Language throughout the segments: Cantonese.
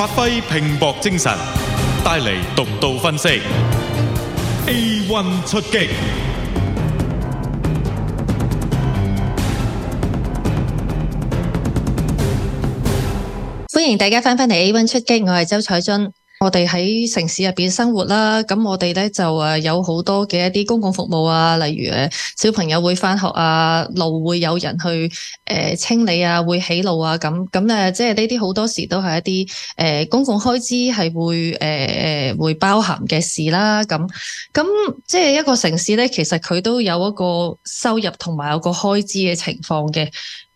發揮拼搏精神，帶嚟獨到分析。A one 出擊，歡迎大家翻返嚟，A one 出擊，我係周彩津。我哋喺城市入邊生活啦，咁我哋咧就誒有好多嘅一啲公共服務啊，例如誒小朋友會返學啊，路會有人去誒、呃、清理啊，會起路啊咁，咁咧、啊、即係呢啲好多時都係一啲誒、呃、公共開支係會誒誒、呃、會包含嘅事啦、啊，咁咁即係一個城市咧，其實佢都有一個收入同埋有個開支嘅情況嘅。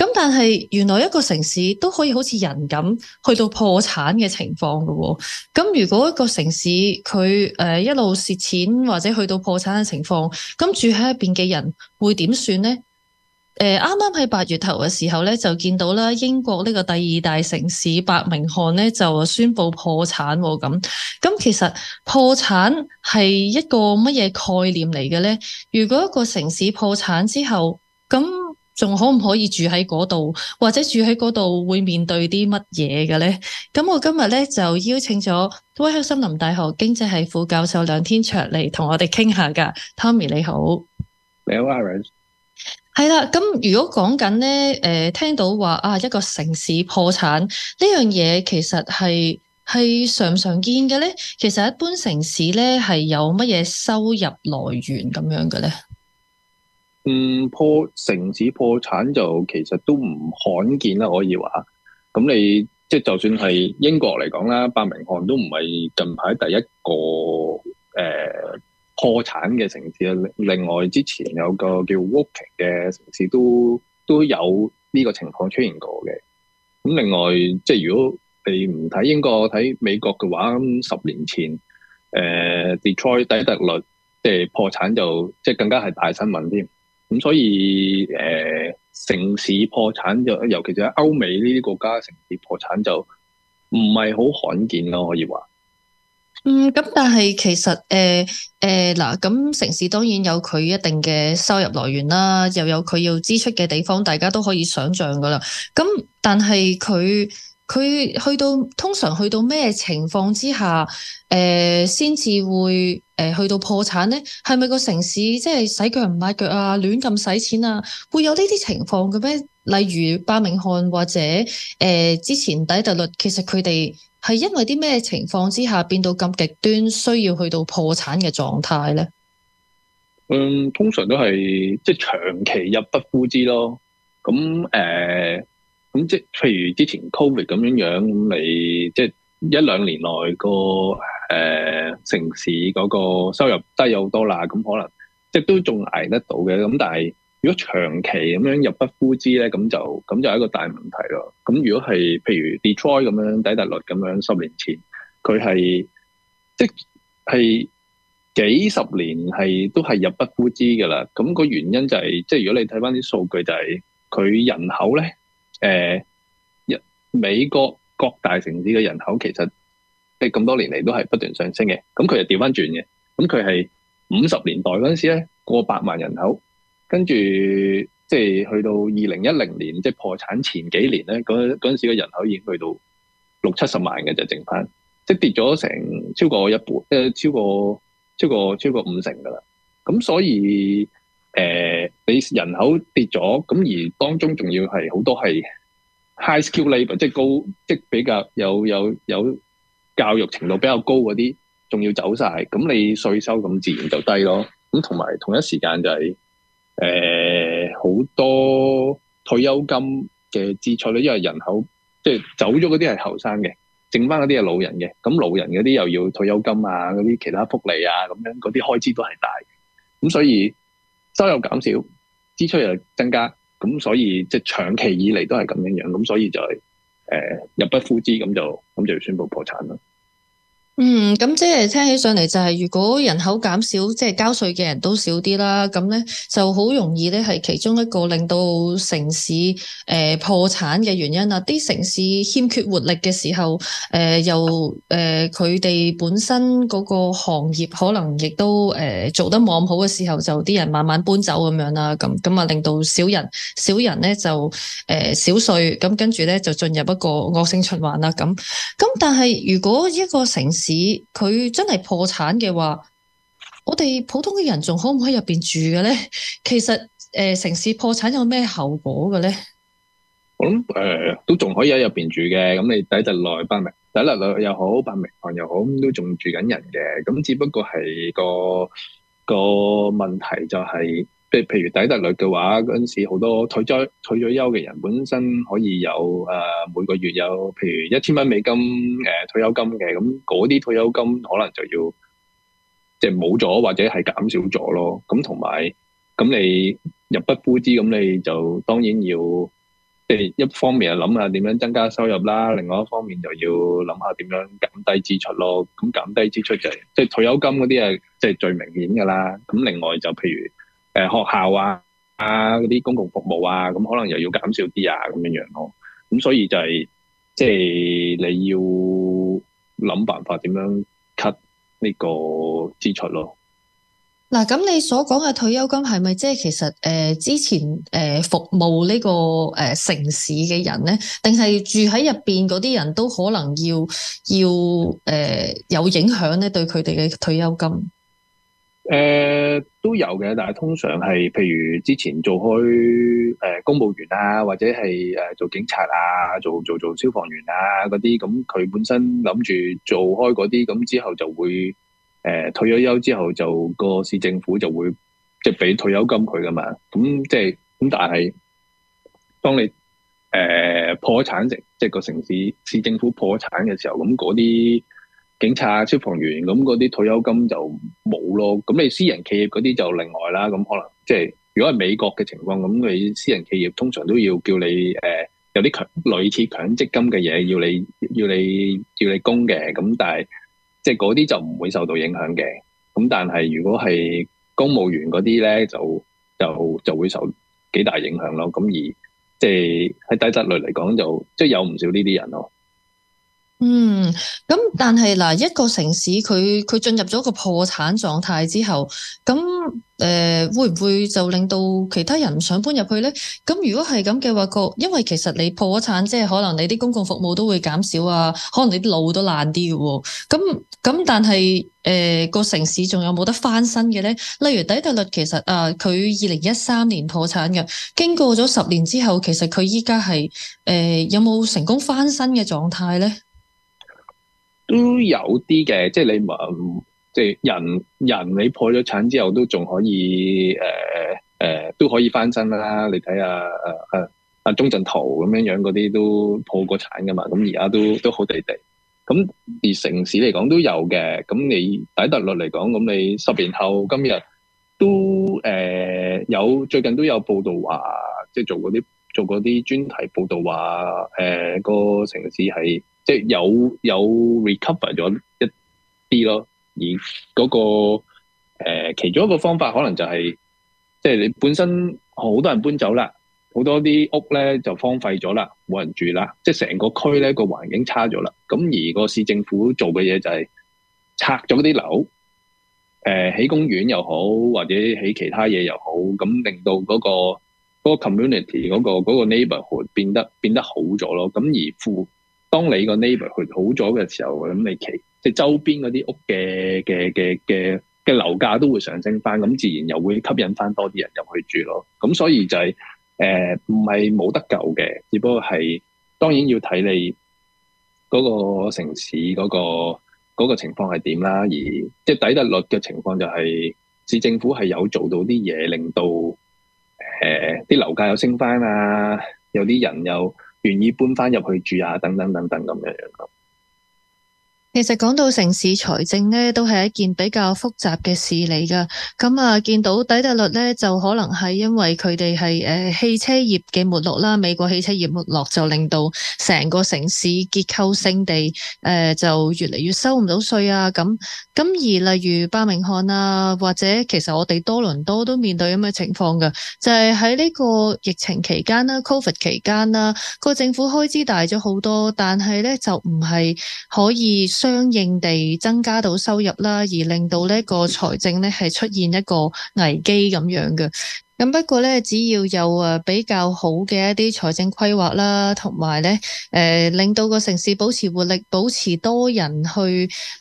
咁但係原來一個城市都可以好似人咁去到破產嘅情況㗎喎，咁如果一個城市佢誒一路蝕錢或者去到破產嘅情況，咁住喺入邊嘅人會點算呢？啱啱喺八月頭嘅時候咧就見到啦，英國呢個第二大城市伯明翰咧就宣布破產咁。咁其實破產係一個乜嘢概念嚟嘅咧？如果一個城市破產之後，咁。仲可唔可以住喺嗰度，或者住喺嗰度會面對啲乜嘢嘅咧？咁我今日咧就邀請咗威克森林大學經濟系副教授梁天卓嚟同我哋傾下噶。Tommy 你好，你好 Aaron。係啦，咁如果講緊咧，誒、呃，聽到話啊，一個城市破產呢樣嘢其實係係常唔常見嘅咧。其實一般城市咧係有乜嘢收入來源咁樣嘅咧？嗯，破城市破產就其實都唔罕見啦，可以話。咁你即就算係英國嚟講啦，伯明翰都唔係近排第一個誒、呃、破產嘅城市啊。另外之前有個叫 Woking 嘅城市都都有呢個情況出現過嘅。咁另外即如果你唔睇英國睇美國嘅話，咁十年前誒、呃、Detroit 底特律即、呃、破產就即更加係大新聞添。咁所以，誒、呃、城市破產就，尤其是喺歐美呢啲國家，城市破產就唔係好罕見咯，可以話。嗯，咁但係其實，誒誒嗱，咁、呃、城市當然有佢一定嘅收入來源啦，又有佢要支出嘅地方，大家都可以想象㗎啦。咁但係佢。佢去到通常去到咩情況之下，誒先至會誒、呃、去到破產咧？係咪個城市即係洗腳唔買腳啊，亂咁使錢啊，會有呢啲情況嘅咩？例如巴明翰或者誒、呃、之前底特律，其實佢哋係因為啲咩情況之下變到咁極端，需要去到破產嘅狀態咧？誒、嗯，通常都係即係長期入不敷支咯。咁誒。呃咁即係譬如之前 Covid 咁樣樣，咁你即係一兩年內個誒、呃、城市嗰個收入低咗好多啦，咁可能即都仲捱得到嘅。咁但係如果長期咁樣入不敷支咧，咁就咁就係一個大問題咯。咁如果係譬如 Detroit 咁樣底特律咁樣十年前，佢係即係幾十年係都係入不敷支噶啦。咁個原因就係、是、即係如果你睇翻啲數據、就是，就係佢人口咧。誒，一、嗯、美國各大城市嘅人口其實即咁多年嚟都係不斷上升嘅，咁佢又掉返轉嘅，咁佢係五十年代嗰陣時咧，過百萬人口，跟住即係去到二零一零年即係、就是、破產前幾年咧，嗰嗰陣時嘅人口已經去到六七十萬嘅就剩返，即係跌咗成超過一半，誒超過超過超過五成㗎喇，咁所以。誒、呃，你人口跌咗，咁而當中仲要係好多係 high skill labor，即係高，即係比較有有有教育程度比較高嗰啲，仲要走晒，咁你稅收咁自然就低咯。咁同埋同一時間就係、是、誒，好、呃、多退休金嘅支出，因為人口即係走咗嗰啲係後生嘅，剩翻嗰啲係老人嘅。咁老人嗰啲又要退休金啊，嗰啲其他福利啊，咁樣嗰啲開支都係大嘅，咁所以。收入減少，支出又增加，咁所以即係長期以嚟都係咁樣樣，咁所以就係誒入不敷支，咁就咁就要宣布破產啦。嗯，咁即係聽起上嚟就係，如果人口減少，即係交稅嘅人都少啲啦，咁咧就好容易咧係其中一個令到城市誒破產嘅原因啦。啲城市欠缺活力嘅時候，誒又誒佢哋本身嗰個行業可能亦都誒做得冇咁好嘅時候，就啲人慢慢搬走咁樣啦，咁咁啊令到少人少人咧就誒少稅，咁跟住咧就進入一個惡性循環啦。咁咁但係如果一個城市，佢真係破產嘅話，我哋普通嘅人仲可唔可以入面住嘅咧？其實誒、呃，城市破產有咩後果嘅咧？我諗誒、呃，都仲可以喺入面住嘅。咁你底特律、伯明翰，底特律又又好，伯明翰又好，咁都仲住緊人嘅。咁只不過係個個問題就係、是。即係譬如底特律嘅話，嗰陣時好多退咗退咗休嘅人，本身可以有誒、啊、每個月有譬如一千蚊美金誒、呃、退休金嘅，咁嗰啲退休金可能就要即係冇咗或者係減少咗咯。咁同埋咁你入不敷支，咁你就當然要即係一方面啊諗下點樣增加收入啦，另外一方面就要諗下點樣減低支出咯。咁減低支出就即、是、係、就是、退休金嗰啲啊，即係最明顯噶啦。咁另外就譬如。誒，學校啊，啊嗰啲公共服務啊，咁可能又要減少啲啊，咁樣樣咯。咁所以就係即係你要諗辦法點樣 cut 呢個支出咯。嗱，咁你所講嘅退休金係咪即係其實誒、呃、之前誒、呃、服務呢個誒、呃、城市嘅人咧，定係住喺入邊嗰啲人都可能要要誒、呃、有影響咧，對佢哋嘅退休金？誒、呃、都有嘅，但係通常係譬如之前做開誒、呃、公務員啊，或者係誒、呃、做警察啊，做做做消防員啊嗰啲，咁佢本身諗住做開嗰啲，咁之後就會誒、呃、退咗休之後就，就、那個市政府就會即係俾退休金佢㗎嘛。咁即係咁，就是、但係當你誒、呃、破產城，即、就、係、是、個城市市政府破產嘅時候，咁嗰啲。警察消防員咁嗰啲退休金就冇咯，咁你私人企業嗰啲就另外啦。咁可能即係如果係美國嘅情況，咁你私人企業通常都要叫你誒、呃、有啲強類似強積金嘅嘢要你要你要你供嘅，咁但係即係嗰啲就唔會受到影響嘅。咁但係如果係公務員嗰啲咧，就就就，就會受幾大影響咯。咁而即係喺底特律嚟講，就即係有唔少呢啲人咯。嗯，咁但係嗱，一個城市佢佢進入咗個破產狀態之後，咁誒、呃、會唔會就令到其他人唔想搬入去咧？咁如果係咁嘅話，個因為其實你破產，即係可能你啲公共服務都會減少啊，可能你啲路都爛啲嘅。咁咁但係誒、呃個城市仲有冇得翻身嘅咧？例如底特律，其實啊，佢二零一三年破產嘅，經過咗十年之後，其實佢依家係誒有冇成功翻身嘅狀態咧？都有啲嘅，即係你唔即係人人，人你破咗產之後都仲可以誒、呃呃、都可以翻身啦。你睇下誒誒阿鐘鎮濤咁樣樣嗰啲都破過產噶嘛，咁而家都都好地地。咁而城市嚟講都有嘅。咁你底特律嚟講，咁你十年後今日都誒、呃、有最近都有報道話，即係做嗰啲做嗰啲專題報道話，誒、呃嗰個城市喺。即係有有 recover 咗一啲咯，而嗰、那個誒、呃、其中一個方法可能就係、是，即係你本身好多人搬走啦，好多啲屋咧就荒廢咗啦，冇人住啦，即係成個區咧個環境差咗啦。咁而個市政府做嘅嘢就係拆咗啲樓誒起公園又好，或者起其他嘢又好，咁令到嗰、那個嗰、那個 community 嗰、那個嗰、那個 neighborhood 變得變得好咗咯。咁而富當你個 neighbor 去好咗嘅時候，咁你其即係周邊嗰啲屋嘅嘅嘅嘅嘅樓價都會上升翻，咁自然又會吸引翻多啲人入去住咯。咁所以就係誒，唔係冇得救嘅，只不過係當然要睇你嗰個城市嗰個嗰個情況係點啦。而即係抵得率嘅情況就係市政府係有做到啲嘢，令到誒啲樓價又升翻啊，有啲人又，願意搬翻入去住啊，等等等等咁樣樣。其實講到城市財政咧，都係一件比較複雜嘅事嚟噶。咁啊，見到底特律咧，就可能係因為佢哋係誒汽車業嘅沒落啦。美國汽車業沒落就令到成個城市結構性地誒、呃、就越嚟越收唔到稅啊。咁咁而例如巴明漢啊，或者其實我哋多倫多都面對咁嘅情況噶，就係喺呢個疫情期間啦，Covid 期間啦，個政府開支大咗好多，但係咧就唔係可以。相應地增加到收入啦，而令到呢個財政呢係出現一個危機咁樣嘅。咁不過呢，只要有比較好嘅一啲財政規劃啦，同埋呢、呃，令到個城市保持活力、保持多人去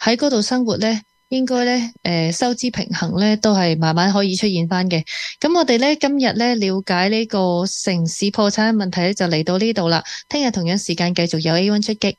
喺嗰度生活呢，應該呢呃收支平衡呢都係慢慢可以出現翻嘅。咁我哋呢，今日呢，了解呢個城市破產問題呢，就嚟到呢度啦。聽日同樣時間繼續有 A One 出擊。